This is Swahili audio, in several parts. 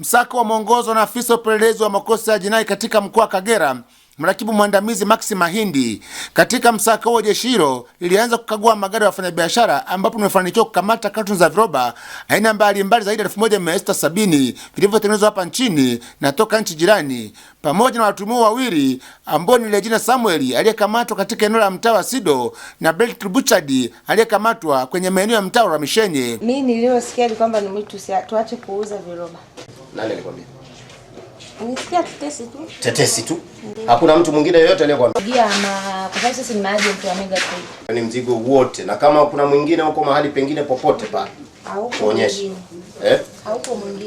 Msako mwongozo na afisa upelelezi wa makosa ya jinai katika mkoa wa Kagera, mrakibu mwandamizi Maxi Mahindi. Katika msako huo, jeshi hilo lilianza kukagua magari ya wafanyabiashara, ambapo limefanikiwa kukamata katoni za viroba aina mbalimbali zaidi ya 1670 vilivyotengenezwa hapa nchini na toka nchi jirani, pamoja na watuhumiwa wawili ambao ni Regina Samuel aliyekamatwa katika eneo la mtaa wa Sido na Bertri Buchard aliyekamatwa kwenye maeneo ya mtaa wa Mishenye. Mimi niliyosikia kwamba ni mwitu tuache kuuza viroba nani alikwambia? Nisikia tetesi tu. Tetesi tu. Hakuna mtu mwingine yoyote aliyekwambia. Kwa sababu sisi ni maji mtu wa Mega Trade. Ni mzigo wote na kama kuna mwingine huko mahali pengine popote pale. Tuonyeshe. Eh?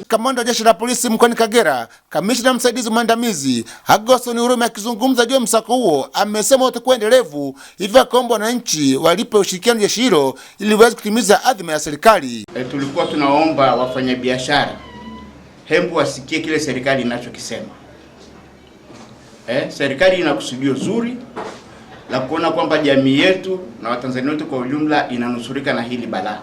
Kamanda wa Jeshi la Polisi mkoani Kagera, Kamishna msaidizi mwandamizi Agoson Urume akizungumza juu ya msako huo, amesema utakuwa endelevu, hivyo akaomba wananchi walipe ushirikiano jeshi hilo ili waweze kutimiza adhima ya serikali. E, tulikuwa tunaomba wafanyabiashara hembu wasikie kile serikali inachokisema. Eh, serikali ina kusudio zuri la kuona kwamba jamii yetu na Watanzania wote kwa ujumla inanusurika na hili balaa.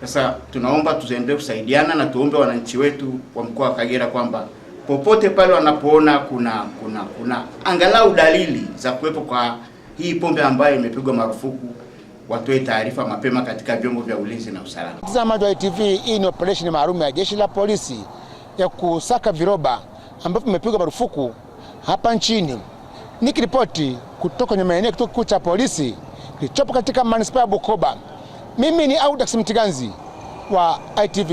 Sasa tunaomba tuendelee kusaidiana na tuombe wananchi wetu wa mkoa wa Kagera kwamba popote pale wanapoona kuna kuna kuna angalau dalili za kuwepo kwa hii pombe ambayo imepigwa marufuku watoe taarifa mapema katika vyombo vya ulinzi na usalama. Mtazamaji wa ITV, hii ni operesheni maalum ya jeshi la polisi ya kusaka viroba ambavyo vimepigwa marufuku hapa nchini. Nikiripoti kutoka kwenye maeneo kituo kikuu cha polisi kilichopo katika manispaa ya Bukoba, mimi ni Audax Mtiganzi wa ITV.